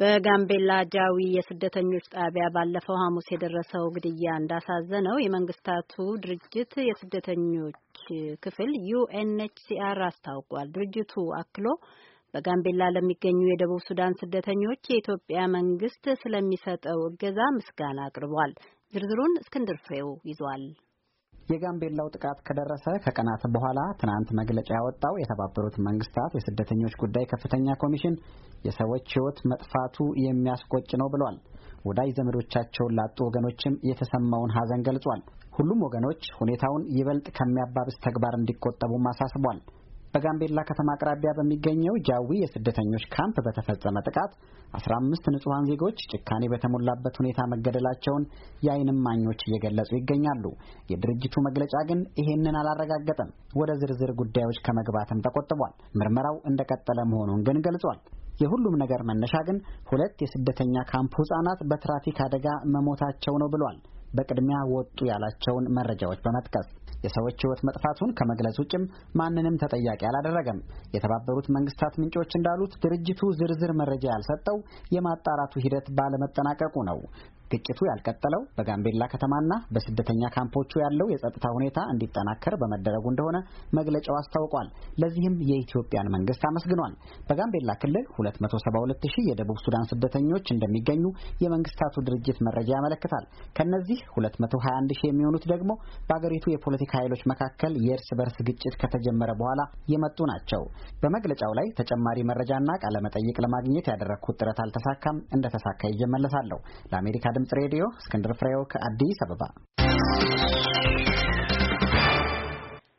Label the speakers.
Speaker 1: በጋምቤላ ጃዊ የስደተኞች ጣቢያ ባለፈው ሐሙስ የደረሰው ግድያ እንዳሳዘነው የመንግስታቱ ድርጅት የስደተኞች ክፍል ዩኤንኤችሲአር አስታውቋል። ድርጅቱ አክሎ በጋምቤላ ለሚገኙ የደቡብ ሱዳን ስደተኞች የኢትዮጵያ መንግስት ስለሚሰጠው እገዛ ምስጋና አቅርቧል። ዝርዝሩን እስክንድር ፍሬው ይዟል።
Speaker 2: የጋምቤላው ጥቃት ከደረሰ ከቀናት በኋላ ትናንት መግለጫ ያወጣው የተባበሩት መንግስታት የስደተኞች ጉዳይ ከፍተኛ ኮሚሽን የሰዎች ሕይወት መጥፋቱ የሚያስቆጭ ነው ብሏል። ወዳጅ ዘመዶቻቸውን ላጡ ወገኖችም የተሰማውን ሐዘን ገልጿል። ሁሉም ወገኖች ሁኔታውን ይበልጥ ከሚያባብስ ተግባር እንዲቆጠቡም አሳስቧል። በጋምቤላ ከተማ አቅራቢያ በሚገኘው ጃዊ የስደተኞች ካምፕ በተፈጸመ ጥቃት 15 ንጹሐን ዜጎች ጭካኔ በተሞላበት ሁኔታ መገደላቸውን የዓይን እማኞች እየገለጹ ይገኛሉ። የድርጅቱ መግለጫ ግን ይሄንን አላረጋገጠም። ወደ ዝርዝር ጉዳዮች ከመግባትም ተቆጥቧል። ምርመራው እንደቀጠለ መሆኑን ግን ገልጿል። የሁሉም ነገር መነሻ ግን ሁለት የስደተኛ ካምፕ ህጻናት በትራፊክ አደጋ መሞታቸው ነው ብሏል። በቅድሚያ ወጡ ያላቸውን መረጃዎች በመጥቀስ የሰዎች ሕይወት መጥፋቱን ከመግለጽ ውጭም ማንንም ተጠያቂ አላደረገም። የተባበሩት መንግስታት ምንጮች እንዳሉት ድርጅቱ ዝርዝር መረጃ ያልሰጠው የማጣራቱ ሂደት ባለመጠናቀቁ ነው። ግጭቱ ያልቀጠለው በጋምቤላ ከተማና በስደተኛ ካምፖቹ ያለው የጸጥታ ሁኔታ እንዲጠናከር በመደረጉ እንደሆነ መግለጫው አስታውቋል። ለዚህም የኢትዮጵያን መንግስት አመስግኗል። በጋምቤላ ክልል 272 ሺህ የደቡብ ሱዳን ስደተኞች እንደሚገኙ የመንግስታቱ ድርጅት መረጃ ያመለክታል። ከነዚህ 221 ሺህ የሚሆኑት ደግሞ በአገሪቱ የፖለቲካ ኃይሎች መካከል የእርስ በርስ ግጭት ከተጀመረ በኋላ የመጡ ናቸው። በመግለጫው ላይ ተጨማሪ መረጃና ቃለመጠይቅ ለማግኘት ያደረግኩት ጥረት አልተሳካም። እንደተሳካ ይዤ እመለሳለሁ። ለአሜሪካ ድምፅ ሬዲዮ እስክንድር ፍሬው ከአዲስ አበባ